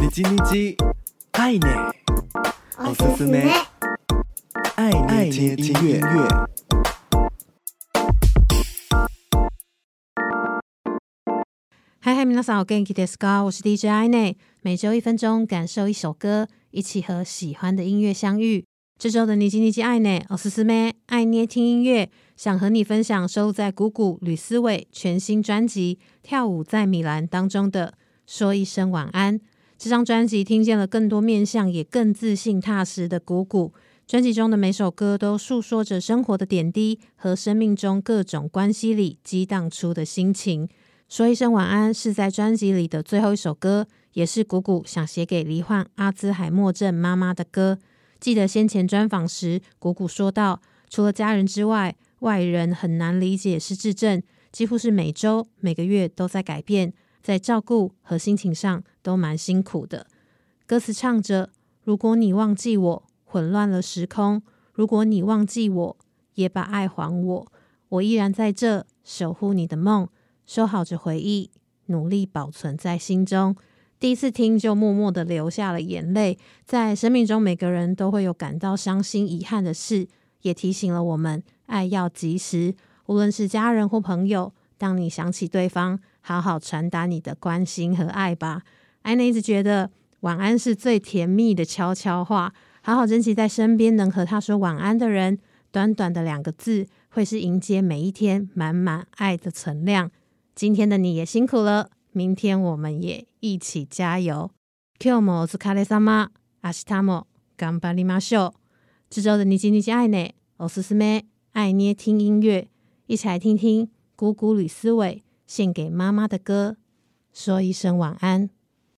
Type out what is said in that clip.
nichi nichi！aiine Ösusume 愛捏聽音樂。嗨嗨，皆さん，お元気ですか，我是 DJ aiine。每周一分鐘，感受一首歌，一起和喜歡的音樂相遇。這周的 nichi nichi！aiine Ösusume 愛捏聽音樂，想和你分享收錄在鼓鼓呂思緯全新專輯《跳舞在米蘭》當中的《說一聲晚安》。這張專輯聽見了更多面向，也更自信踏實的鼓鼓。專輯中的每首歌都訴說着生活的點滴和生命中各種關係裡激盪出的心情。說一聲晚安是在專輯裡的最後一首歌，也是鼓鼓想寫給罹患阿茲海默症媽媽的歌。記得先前專訪時，鼓鼓說道：“除了家人之外，外人很難理解失智症，幾乎是每周、每個月都在改變。”在照顧和心情上都蠻辛苦的。歌詞唱着：“如果你忘記我，混亂了時空；如果你忘記我，也把愛還我，我依然在這守護你的夢，收好着回憶，努力保存在心中。”第一次聽就默默的流下了眼淚。在生命中，每個人都會有感到傷心、遺憾的事，也提醒了我們愛要及時，無論是家人或朋友。當你想起對方，好好傳達你的關心和愛吧。愛內一直覺得晚安是最甜蜜的悄悄話，好好珍惜在身邊能和他說晚安的人。短短的兩個字，會是迎接每一天滿滿愛的存量。今天的你也辛苦了，明天我們也一起加油。今日もお疲れ様、明日も頑張りましょう。這周的日日愛內オススメ愛捏聽音樂，一起來聽聽。鼓鼓呂思緯獻給媽媽的歌，說一聲晚安。